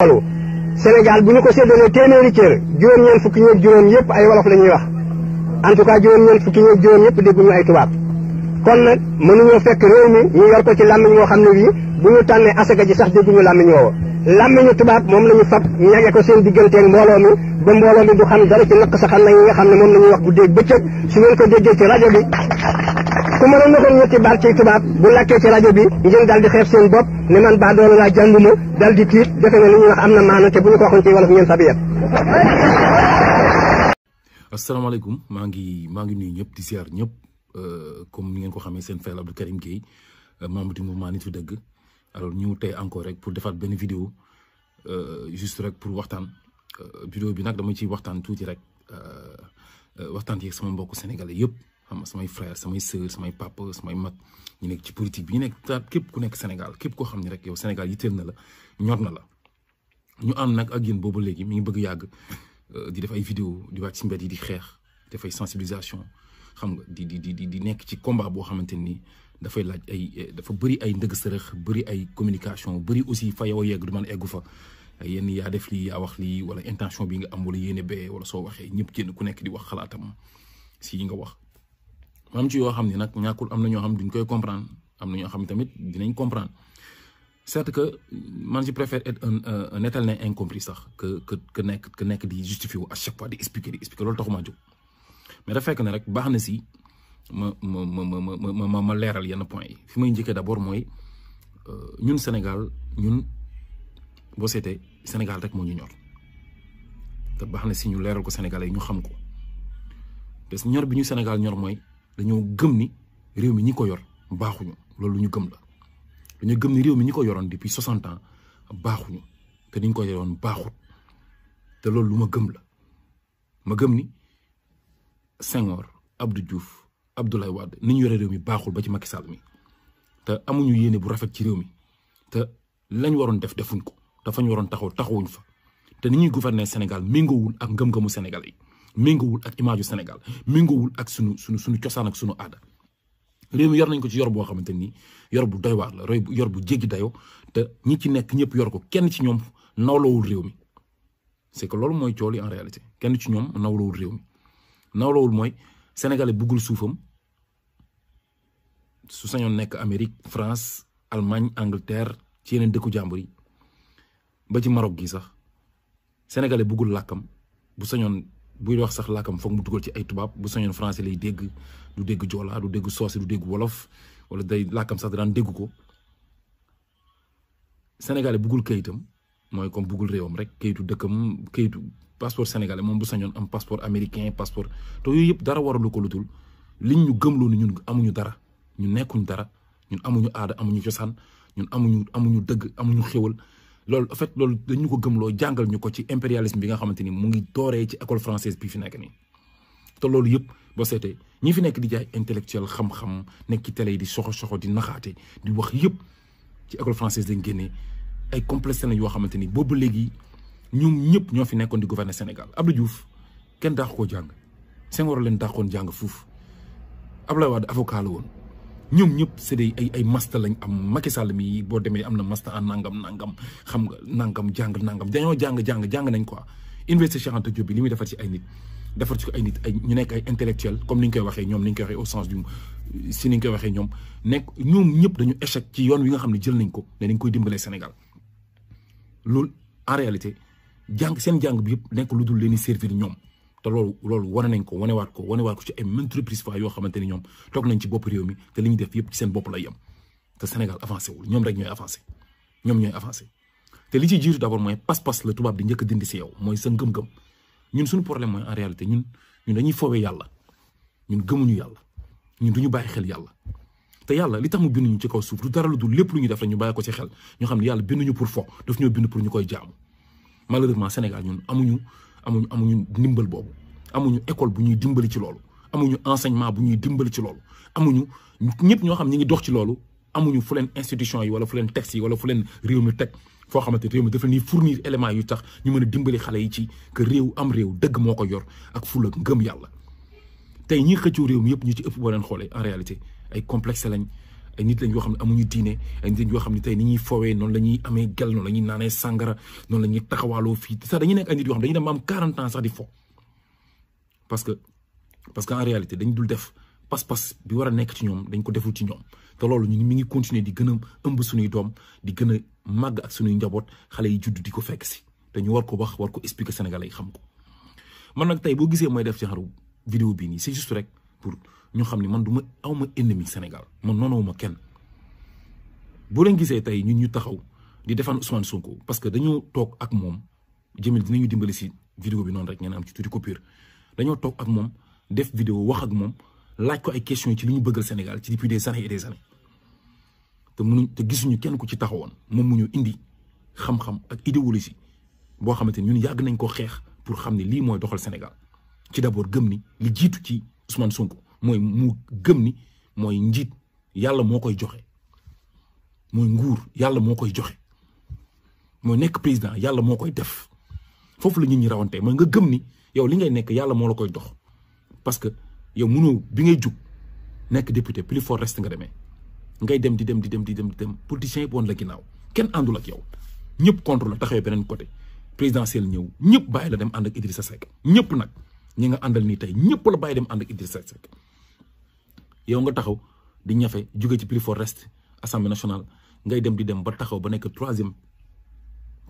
loolu Sénégal bu ñu ko séddalee téeméeri cër juróom-ñeent fukki ñeeg ay wolof la ñuy wax en tout cas juróom-ñeent fukki ñeeg juróom yëpp dégguñu ay tubaab kon nag mënuñoo fekk réew mi ñu yor ko ci làmmiñ woo xam wii bu ñu tànnee asaka ji sax dégguñu làmmiñ woowu làmmiñu tubaab moom la fab ñage ko seen digganteeg mbooloo mi ba mbooloo mi du xam dara ci naq sa xam yi nga xam ne moom la wax guddeeg bëccëg su ngeen ko déggee ci rajo bi ku mënoon na ko ñetti baat ci tubaab bu lakkee ci rajo bi ngeen dal di xeeb seen bopp ne man baa doon laa jànguma dal di tiit defe ne li wax am na maana te bu ñu ko waxoon ci wolof ngeen sabi yet asalaamaaleykum maa ngi maa ngi nuyu ñëpp di ziar ñëpp euh, comme ni ngeen ko xamee seen fayal Abdou Karim Gueye euh, membre du mouvement dëgg alors tey encore rek pour defaat benn vidéo euh, juste rek pour waxtaan vidéo bi nag dama ciy waxtaan tuuti rek waxtaan ci sama mbokk sénégalais yëpp xam nga samay frère samay sœur samay papa samay mag ñu nekk ci politique bi ñu nekk daal képp ku nekk Sénégal képp koo xam ne rek yow Sénégal yitteel na la ñor na la ñu am nag ak yéen boobu léegi mi ngi bëgg yàgg euh, di def ay di wàcc ci mbedd yi di xeex def ay xam nga di di di di nekk ci combat boo xamante ni dafay laaj ay eh, dafa bëri ay ndëgg sërëx bëri ay communication bëri aussi fa yow yegg du man eggu fa yenn yaa def lii yaa wax lii wala intention bi nga am wala yéene bee wala soo waxee ñëpp kenn ku nekk di wax xalaatam si yi nga wax am ci yoo xam ne nag ñàkkul am na ñoo xam duñ koy comprendre am na ñoo xam tamit dinañ comprendre certes que man je préfère être un euh, un étalné incompris sax que que que nekk que nekk di justifier à chaque fois di expliquer di expliquer loolu taxuma jóg mais da fekk ne rek baax na si ma ma ma ma ma ma ma leeral yenn point yi fi may njëkkee d'abord mooy euh, ñun Sénégal ñun boo seetee Sénégal rek moo ñu ñor te baax na si ñu leeral ko Sénégalais ñu xam ko parce ñor bi ñu Sénégal ñor mooy. dañoo gëm ni réew mi ñi ko yor baaxuñu loolu ñu gëm la dañoo gëm ni réew mi ñi ko yoroon depuis soixante ans baaxuñu te niñ ko yoroon baaxut te loolu lu ma gëm la ma gëm ni Senghor Abdou Diouf Abdoulaye Wade ni ñu yore réew mi baaxul ba ci Macky Sall mi te amuñu yéene bu rafet ci réew mi te lañ waroon def defuñ ko fañ waroon taxaw taxawuñ fa te ni ñuy gouverner Sénégal wul ak ngëm-ngëmu Sénégal méngowul ak image yu senegal méngowul ak sunu sunu sunu cosaan ak sunu aada réew mi yor nañ ko ci yor boo xamante ni yor bu doy waar la bu yor bu jéggi dayo te ñi ci nekk ñëpp yor ko kenn ci ñoom nawlawul réew mi c'est que loolu mooy cool en réalité kenn ci ñoom nawlawul réew mi nawlawul mooy sénégalais buggul suufam su sañoon nekk Amérique France Allemagne Angleterre ci yeneen dëkku jàmbur yi ba ci Maroc gi sax sénégalais buggul làkkam bu sañoon. buy wax sax làkkam foog mu dugal ci ay tubaab bu sañoon français lay dégg du dégg joola du dégg soose du dégg wolof wala day làkkam sax daan dégg ko sénégalais buggul kayitam mooy comme buggul réewam rek kayitu dëkkam kayitu passeport sénégalais moom bu sañoon am passeport américain passeport te yooyu yëpp dara waralu ko lu dul liñ ñu gëmloo ni ñun amuñu dara ñu nekkuñ dara ñun amuñu aada amuñu cosaan ñun amuñu amuñu dëgg amuñu xéwal loolu en loolu dañu ko gëm gëmloo jàngal ñu ko ci impérialisme bi nga xamante ni mu ngi dooree ci école française bi fi nekk nii te loolu yëpp boo seetee ñi fi nekk di jaay intellectuel xam-xam nekk ci télé yi di soxo soxo di naxaate di wax yëpp ci école française dañ génnee ay complexe na yoo xamante ni boobu léegi ñoom ñëpp ñoo fi nekkoon di gouverner Sénégal Abdou Diouf kenn daax koo jàng Senghor leen daaxoon jàng fuuf Abdoulaye Wade avocat la woon. ñoom ñëpp c'est ay ay master am Macky Sall mi boo demee am na master en nangam nangam xam nga nangam jàng nangam dañoo jàng jàng jàng nañ quoi. Université Cheikh bi li muy defar ci ay nit defar ci ko nit ay ñu nekk ay intellectuel comme ni ñu koy waxee ñoom ni ñu koy si ni ñu koy waxee ñoom nekk ñoom ñëpp dañu échec ci yoon wi nga xam ne jël nañ ko ne dañ koy dimbalee Sénégal loolu en réalité jàng seen jàng bi yëpp nekk lu dul leen servir ñoom. te loolu loolu wane nañ ko wanewaat ko wanewaat ko ci ay maintes reprises yoo xamante ni ñoom toog nañ ci bopp réew mi te li ñu def yëpp ci seen bopp lay yem te Sénégal avancé wul ñoom rek ñooy avancé ñoom ñooy avancé te li ci jiitu d'abord mooy pas-pas la tubaab di njëkk dindi si yow mooy sa ngëm-ngëm ñun suñu problème mooy en réalité ñun ñun dañuy foowee yàlla ñun gëmuñu yàlla ñun du ñu bàyyi xel yàlla te yàlla li tax mu bind ci kaw suuf du dara lu dul lépp lu ñu def rek ñu bàyyi ko ci xel xam ne yàlla binduñu pour fo daf ñoo bind pour ñu koy jaamu malheureusement Sénégal ñun amuñu amuñu amuñu ndimbal boobu amuñu école bu ñuy dimbali ci loolu amuñu enseignement bu ñuy dimbali ci loolu amuñu ñëpp ñoo xam ñi ngi dox ci loolu amuñu fu leen institution yi wala fu leen texte yi wala fu leen réew mi teg foo xamante réew mi dafa ni fournir éléments yu tax ñu mën a dimbali xale yi ci que réew am réew dëgg moo ko yor ak fula ngëm yàlla tey ñi xëccu réew mi yëpp ñu ci ëpp boo leen xoolee en réalité ay complexe lañ ay nit lañ yoo xam ne amuñu diine ay nit lañ yoo xam ne tey ni ñuy fowee noonu la amee gel noonu la ñuy naanee sàngara noonu la ñuy taxawaaloo fii sax dañuy nekk ay nit yoo xam dañuy parce que parce que réalité dañ dul def pas-pas bi war a nekk ci ñoom dañ ko deful ci ñoom te loolu ñu mi ngi continuer di gën a ëmb suñuy doom di gën a màgg ak suñuy njaboot xale yi judd di ko fekk si te ñu war ko wax war ko expliquer Sénégalais yi xam ko man nag tey boo gisee mooy def ci xaru vidéo bii nii c'est juste rek pour ñu xamni man duma awma ennemi Sénégal man noonu ma kenn boo leen gisee tay ñun ñu taxaw di défendre Ousmane Sonko parce que dañu tok ak mom jëmil dinañu dimbali ci vidéo bi non rek ñen am ci tuuti coupure dañu tok ak mom def vidéo wax ak mom laaj ko ay question ci li ñu bëggal Sénégal ci depuis des années et des années te mënu te gisunu kenn ku ci taxawon mom mu ñu indi xam-xam ak idéologie bo xamanteni ñun yag nañ ko xex pour xamni li moy doxal Sénégal ci d'abord gëm ni li jitu ci Ousmane Sonko mooy mu gëm ni mooy njiit yàlla moo koy joxe mooy nguur yàlla moo koy joxe mooy nekk président yàlla moo koy def foofu la nit ñi rawante mooy nga gëm ni yow li ngay nekk yàlla moo la koy dox parce que yow mënoo bi ngay jug nekk député plus fort rest nga demee ngay dem di dem di dem di dem di dem politiciens yi woon la ginnaaw kenn àndul ak yow ñëpp contre la taxawee beneen côté présidentiel ñëw ñëpp bàyyi la dem ànd ak Idrissa Seck ñëpp nag. ñi nga andal ni tay ñepp la baye dem and ak Idrissa Seck yow nga taxaw di ñafé jóge ci plus for reste assemblée nationale ngay dem di dem ba taxaw ba nek 3 troisième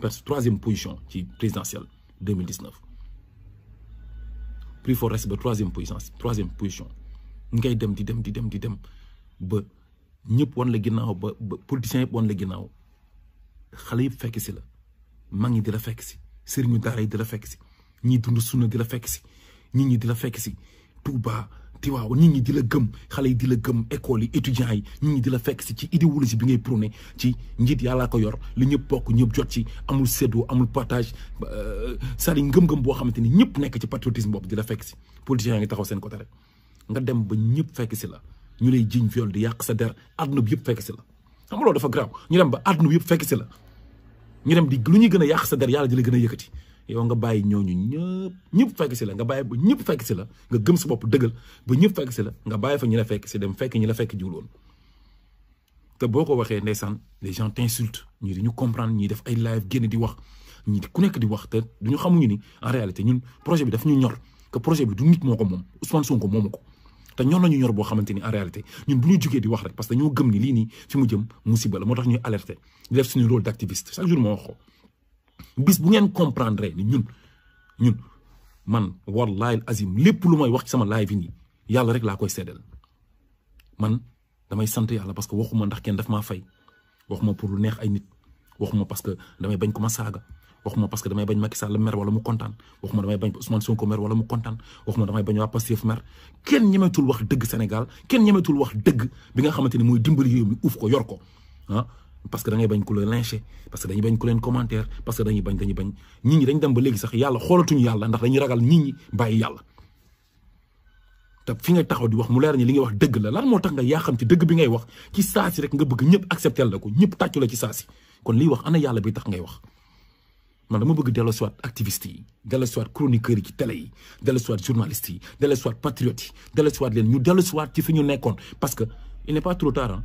parce troisième position ci présidentiel 2019 prix for reste ba puissance 3 troisième position ngay dem di dem di dem di dem ba ñepp won la ginnaw ba ba politiciens yëpp wan la ginnaw xale yëpp fekk si la mag ñi di la fekk si sëriñu daara di la fekk si ñiy dund sunna di la fekk si nit ñi di la fekk si Touba Tiwaaw nit ñi di la gëm xale di la gëm école yi yi nit ñi di la fekk si ci idéologie bi ngay prôné ci njiit yàllaa ko yor li ñëpp bokk ñëpp jot ci amul séddoo amul partage c'est-à-dire euh, ngëm-ngëm boo xamante ni nekk ci patriotisme boobu di la fekk si politiciens yaa ngi taxaw seen côté rek nga dem ba ñëpp fekk si la ñu lay jiñ viol di yàq sa der àdduna bi yëpp fekk si la xam nga dafa grave ñu dem ba bi yëpp fekk la ñu dem di sa der di la yow nga bàyyi ñooñu ñepp ñepp fekk ci la nga bàyyi ba ñëpp fekk ci la nga gëm sa bop deugal bu ñepp fekk ci la nga bàyyi fa ñu la fekk ci dem fekk ñi la fekk jiwul won te boko ko waxee les gens t'insultent ñii ñu comprendre ñi def ay live génn di wax ñi ku nekk di wax te duñu xamuñu ni en réalité ñun projet bi daf ñu ñor que projet bi du nit moko mom Ousmane Sonko moomu ko te ñor nañu ñor bo xamanteni en réalité ñun buñu ñu di wax rek parce que ñoo gëm ni li ni fi mu jëm musiba la moo ñuy alerter di def suñu rôle d'activiste chaque jour mo wax bis bu ngeen comprendre ni ñun ñun man wallahi azim lepp lu may wax ci sama live ni yalla rek la koy man damay sante yalla parce que waxuma ndax kenn daf ma fay waxuma pour lu neex ay nit waxuma parce que damay bañ ko ma waxuma parce que damay bañ Macky mer wala mu contane waxuma damay bañ Ousmane Sonko mer wala mu contane waxuma damay bañ wa mer wax Sénégal wax deug bi nga xamanteni moy dimbali ko yor ko hein? parce que da ngay bañ ku lyncher parce que dañuy bañ ku en commentaire parce que dañuy bañ dañuy bañ nit ñi dañ dem ba légui sax yàlla xoolatuñu yalla ndax dañuy ragal nit ñi bàyyi yalla ta fi ngay taxaw di wax mu leer ni li ngay wax deug la lan mo tax nga yaa xam ci deug bi ngay wax ci saasi rek nga bëgg ñëpp accepter la ko ñëpp tàccu la ci saasi kon li wax ana yalla bi tax ngay wax man dama bëgg dellu soit activiste yi dellu soit ci télé yi dellu soit journaliste yi dellu soit patriote yi dellu soit leen ñu dellu soit ci fi ñu nekkoon parce que il n'est pas trop tard hein.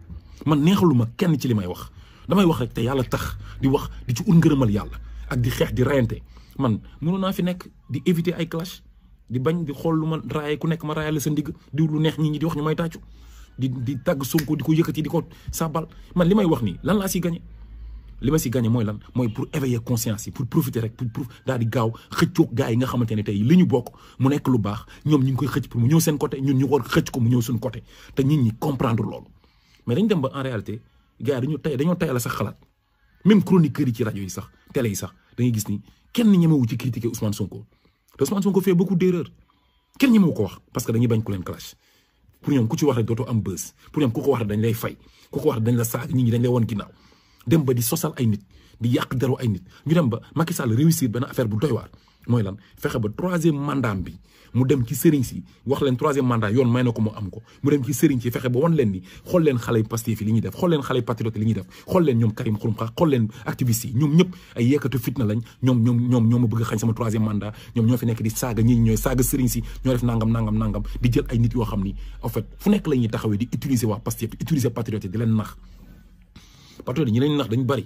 man neexaluma kenn ci li may wax damay wax rek te yàlla tax di wax di ci ut ngërëmal yàlla ak di xeex di rayante man mënoon naa fi nekk di éviter ay clash di bañ di xool lu ma raaye ku nekk ma raayal sa ndigg di lu neex nit ñi di wax ñu may tàccu di di tàgg Sonko di ko yëkkati di ko sabal man li may wax nii lan laa si gagné. li ma si gagné mooy lan mooy pour éveiller conscience yi pour profiter rek pour pour daal di gaaw xëccoog gars yi nga xamante ne tey li ñu bokk mu nekk lu baax ñoom ñu ngi koy xëcc mu ñëw seen côté ñun ñu war xëcc ko mu ñëw suñu côté te nit ñi comprendre loolu. mais dañ dem ba en réalité gars yi dañoo tay dañoo tayal sax xalaat même chroniqueur yi ci rajo yi sax télé yi sax dañuy gis ni kenn ñemewu ci critiquer Ousmane Sonko te Ousmane Sonko fait beaucoup d'erreurs kenn ñemewu ko wax parce que dañuy bañ ku leen clash pour ñoom ku ci wax rek dootoo am bës pour ñoom ku ko wax rek dañ lay fay ku ko wax rek dañ la saag nit ñi dañ lay woon ginnaaw dem ba di sosal ay nit di yàq deru ay nit ñu dem ba Macky Sall réussir benn affaire bu doy mooy lan fexe ba troisième mandat bi mu dem ci sëriñ si wax leen troisième mandat yoon may na ko mu am ko mu dem ci sëriñ si fexe ba wan ni xool leen xale yu Pastef yi li ñuy def xool leen xale yu patriote li ñuy def xool leen ñoom Karim Xurum Xax ñoo ma bëgg a ñoo nekk di saaga ñii ñooy saaga sëriñ si ñoo def nangam nangam nangam di jël ay nit yoo xam ni en fait fu nekk la ñuy taxawee di utiliser waa Pastef utiliser patriote di leen nax patriote yi leen nax dañ bari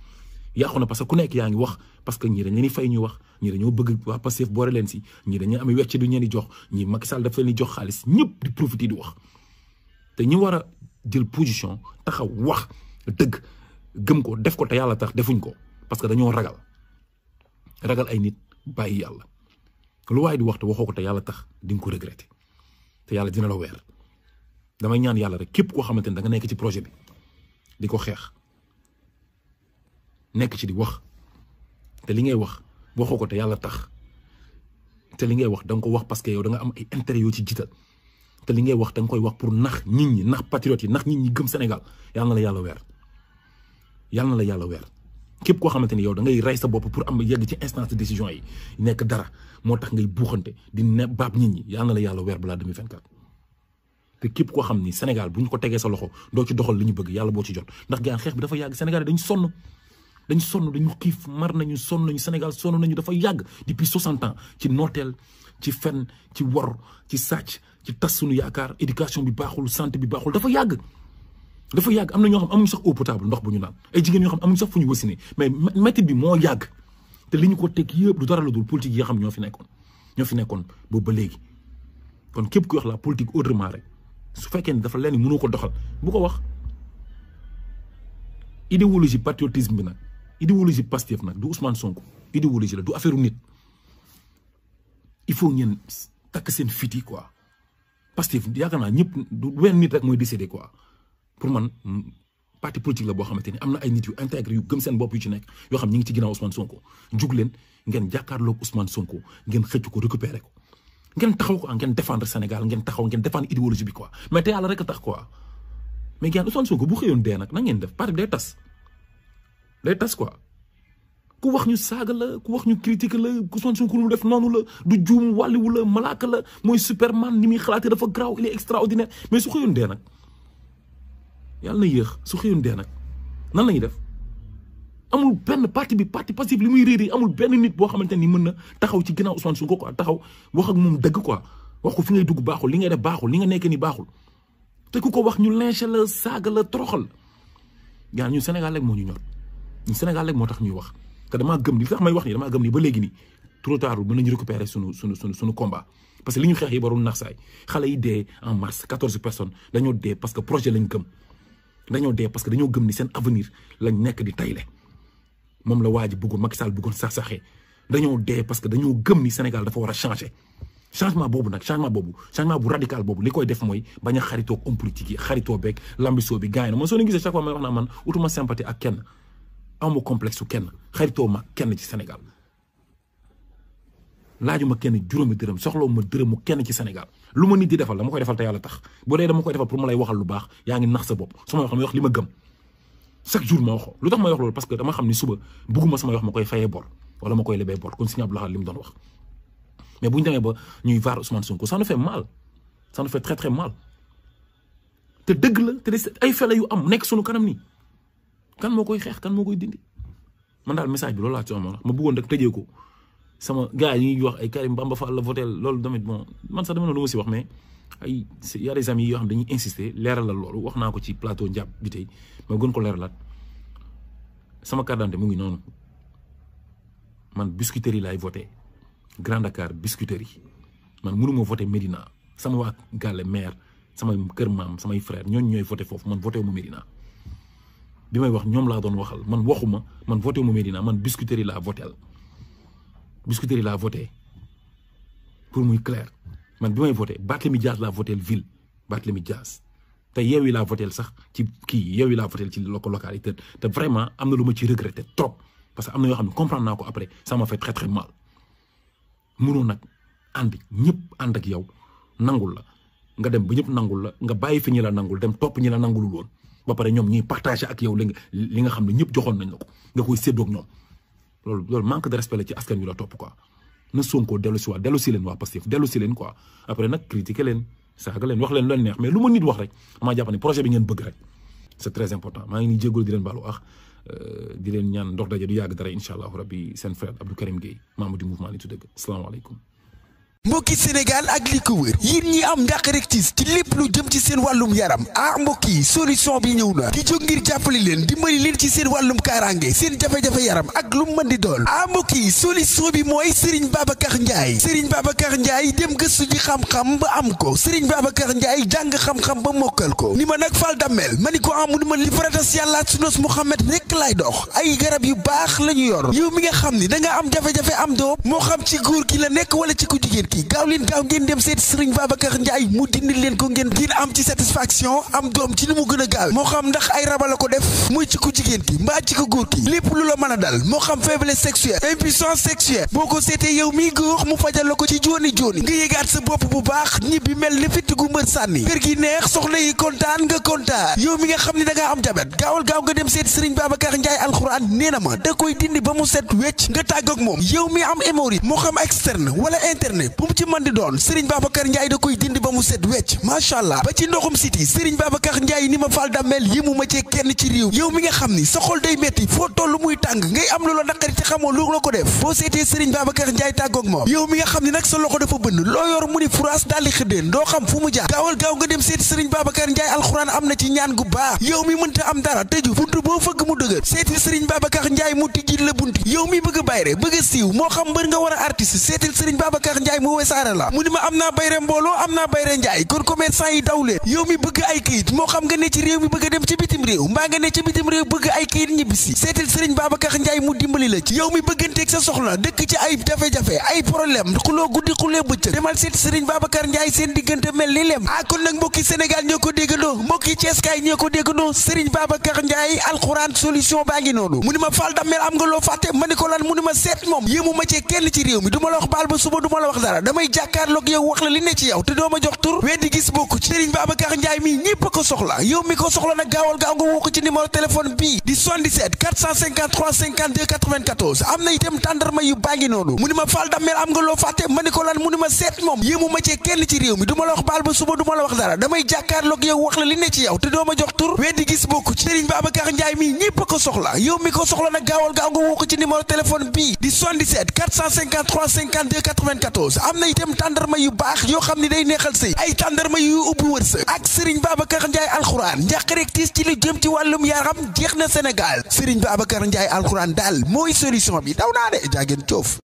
yàqu na parce que ku nekk yaa ngi wax parce que ñii dañ leen fay ñu wax ñii dañoo bëgg waa Pastef boore leen si ñii dañuy am wecc du ñeen di jox ñii Macky Sall daf leen di jox xaalis ñëpp di profité di wax te ñi war a jël position taxaw wax dëgg gëm ko def ko te yàlla tax defuñ ko parce que dañoo ragal ragal ay nit bàyyi yàlla lu waaye di wax te waxoo ko te yàlla tax di ko regretter te yàlla dina la weer damay ñaan yàlla rek képp koo xamante ne da nekk ci projet bi di ko xeex. nek ci di wax te li ngay wax waxoo te yalla tax te li ngay wax dang ko wax parce que yow da nga am ay intérêt yo ci jiital te li ngay wax ninyi, koy wax pour nax nit ñi nax patriote yi nax nit ñi gëm Sénégal yalla na la yalla wër yalla na la yalla wër kep ko xamanteni yow da ngay ray sa bop pour am yegg ci instance de décision yi nek dara moo tax ngay buxante di ne bab nit ñi yalla na la yalla wër bla 2024 te képp ko xamni ni Sénégal buñ ko téggé sa loxo do ci doxal liñu bëgg yalla bo ci jot ndax gaan xex bi dafa yag Sénégal dañu sonu dañu Sénégal depuis 60 ans ci notel, ci fen ci wor ci Satch, ci tas yaakar, éducation bi santé bi baaxul dafa yag dafa yag amna xam eau potable ndox buñu naan ay jigen xam amuñu mais bi mo yag te liñ ko yépp du la politique yi xam ño fi nékkon ño fi nékkon bo ba légui kon képp ku la politique autrement rek su dafa doxal bu idéologie patriotisme idéologie Pastef nak du Ousmane Sonko idéologie la du affaire nit il faut ngeen tak seen fiti yi quoi Pastef yaakaar naa ñëpp du wenn nit rek mooy décédé quoi pour man parti politique la boo xamante ni am na ay nit yu intégré yu gëm seen bopp yu ci nekk yoo xam ñi ngi ci ginnaaw Ousmane Sonko jug leen ngeen jàkkaarloog Ousmane Sonko ngeen xëcc ko récupéré ko ngeen taxaw ko ngeen défendre Sénégal ngeen taxaw ngeen défendre idéologie bi quoi mais rek tax quoi mais Ousmane Sonko bu na def parti bi tas day tass quoi ku wax ñu saga la ku wax ñu critique la son ku lu def nonu la du juum wu la malaka la moy superman ni mi xalaté dafa graw il est extraordinaire mais su xeyun dee nak yalla na yeex su xeyun nak nan la def amul ben parti bi parti passif li muy réer amul ben nit bo xamanteni ni mën na taxaw ci ginaaw Ousmane Sonko quoi taxaw wax ak mom deug quoi waxu fi ngay dugg baxul li ngay def baxul li nga nek ni baxul te kuko wax ñu lynché la saga la troxal gaal ñu Sénégal rek mo ñu ñot ñi Sénégal rek moo tax ñuy wax te damaa gëm li may wax nii damaa gëm ni ba léegi nii trop tard mën nañu récupérer sunu sunu sunu sunu combat parce que li ñu xeex yi warul nax saay xale yi dee en mars quatorze personnes dañoo dee parce que projet lañ gëm dañoo dee parce que dañoo gëm ni seen avenir lañ nekk di tayle moom la waa ji bëggoon Macky Sall sax saxee dañoo dee parce que dañoo gëm ni Sénégal dafa war a changer changement boobu nag changement boobu changement bu radical boobu li koy def mooy bañ a xaritoo homme politique yi xaritoo beeg lambisoo bi gars yi na man soo leen gisee chaque fois may amu complexe kenn xaritoo ma ken ci Sénégal laajuma ken juróomi deureum soxlawu ma dërëmu kenn ci senegal luma nit di defal dama koy defal ta yalla tax bo dee dama koy defal pour ma lay waxal lu bax yaa ngi nax sa bop sama ma wax damay wax li ma chaque jour ma wax lutax ma wax loolu parce que dama xamni ni suba bugguma sama wax makoy fayé bor wala makoy koy bor kon Serigne Abdou lim don wax mais bu démé ba ñuy vaar Ousmane Sonko ça nous fait mal ça nous fait très très mal te deug la te ay fele yu am nek sunu kanam ni kan moo koy xeex kan moo koy dindi man daal message bi loolu laa ci amoon bëggoon rek tëjee ko sama gars yi ñuy wax ay Karim Bamba Fall la loolu tamit bon man sax dama ne lu ma si wax mais ay y a des amis dañuy insister leeralal loolu wax naa ko ci plateau njàpp bi tey ma ko leeralaat sama carte mu ngi noonu man Biscuiterie laay voté Grand Dakar Biscuiterie man mënu ma voté Médina sama waa gàlle maire samay kër maam samay frère ñooñu ñooy voté foofu man voté wu ma Médina bi wax ñom la doon waxal man waxuma man voter mu medina man Biscuiterie la voté Biscuiterie la voté pour muy clair man bi voter voté Barthélemy Dias laa voté ville Barthélemy Dias te Yewwi la voté sax ci ki Yewwi la voté ci local local te vraiment amna luma ci regretter trop parce que amna yo xamni comprendre nako après ça m'a fait très très mal mënoon nak and ñep and ak yow nangul la nga dem ba ñep nangul la nga bayyi fi ñi la nangul dem top ñi la nangulul woon. ba pare ñom ñi partager ak yow li nga xam ne ñëpp joxoon nañ lako nga koy séddoog ñom lolu lolu manque de respect la ci askan wi la top quoi na sonko delu ci wa delu ci len wa passif delu ci len quoi après nak critiquer len saaga len wax len loolu neex mais luma ma nit wax rek ma japp ni projet bi ngeen bëgg rek c'est très important ma ngi ni jégalu di len balu ax euh, di len ñaan ndox dajé du yag dara inshallah rabbi sen frère abdou karim gueye mamadou mouvement deug mbokki Sénégal ak li ko wër yéen ñi am ndaq rek tiis ci lépp lu jëm ci seen wàllum yaram ah mbokk yi solution bi ñëw na ki jóg ngir jàppale leen dimbali leen ci seen wàllum kaaraange seen jafe-jafe yaram ak lu mën di dool ah mbokk yi solution bi mooy Serigne Babacar Ndiaye Serigne Babacar Ndiaye dem gëstu ji xam-xam ba am ko Serigne Babacar Ndiaye jàng xam-xam ba mokkal ko ni ma nag fal dammel ma ni ko amu ah ni ma li faratas yàlla sunos Mouhamed rek laay dox ay garab yu baax la ñu yor yow mi nga xam ni da am jafe-jafe am doo moo xam ci góor ki la nekk wala ci ku jigéen gi gaaw leen gaaw ngeen dem seet Serigne Babacar Ndiaye mu dindi leen ko ngeen ngeen am ci satisfaction am doom ci ni mu gën a gaaw moo xam ndax ay raba la ko def muy ci ku jigéen ki mbaa ci ko góor ki lépp lu la mën a dal moo xam faiblesse sexuelle impuissance sexuelle boo ko seetee yow miy góor mu fajal la ko ci jooni jooni nga yëgaat sa bopp bu baax ñibbi mel ni fitt gu mbër sànni kër gi neex soxna yi kontaan nga kontaan yow mi nga xam ni da ngaa am jabet gaawal gaaw nga dem seet Serigne Babacar Ndiaye alxuraan nee na ma da koy dindi ba mu set wecc nga tàggoog moom yow mi am hémorroïde moo xam externe wala interne bu mu ci mën di doon Serigne Babacar Ndiaye da koy dindi ba mu set wecc macha allah ba ci ndoxum siti Serigne Babacar Ndiaye mi nga xam ni sa xol day metti foo toll muy tàng ngay am la naqari te xamoo lu la ko def boo seetee Serigne Babacar Ndiaye tàggoog moom yow mi nga xam ni nag sa loxo dafa bënn loo yor mu ni furaas daal di xëddeen doo xam fu mu jaar am na ci ñaan gu mi mënta am dara tëju buntu boo fëgg mu dëgër seetil Serigne Babacar Ndiaye mu tijji la buntu yow mi bëgg bayre bëgg siiw moo xam mbër nga war a artiste seetil Serigne Babacar bu Wassare la mu ni ma am naa bayre mbooloo am naa bayre njaay kon commerçant yi daw leen yow mi bëgg ay kayit moo xam nga ne ci réew mi bëgg a ay kayit ñibbisi seetal Serigne Babacar Ndiaye mu dimbali la ci yow mi bëgganteeg sa soxla dëkk ci ay jafe-jafe ay problème xuloo guddi xulee bëccëg demal seet Serigne Babacar Ndiaye seen diggante mel ni lem ah kon nag mbokki Sénégal ñoo ko déggandoo mbokki Ceeskaay ñoo ko déggandoo Serigne Babacar Ndiaye alxuraan solution ba damay jàkkaarloog yow wax la li ne ci yow te doo ma jox tur weddi gis bokku ci Serigne Babacar Ndiaye mii ñëpp a ko soxla yow mi ko soxla nag gaawal gaaw nga woo ko ci numéro téléphone bii di 77 453 52 94 am na itam tàndarma yu baa ngi noonu mu ni ma Fall nga loo fàtte ma ko lan mu ma seet moom yéemu ma cee kenn ci réew mi du la wax baal ba suba du ma la wax dara wax la li ne ci doo ma jox tur weddi gis bokku ci Serigne Babacar Ndiaye mii ñëpp mi ko soxla nag gaawal gaaw nga woo ko ci numéro téléphone bii am na itam tàndarma yu baax yoo xam ne day neexal sëy ay tàndarma yu ubbi wërsëg ak Serigne Babacar Ndiaye alxuraan njàq rek tiis ci li jëm ci wàllum yaram jeex na Sénégal Serigne Babacar Ndiaye alxuraan daal mooy solution bi daw naa de jaageen coof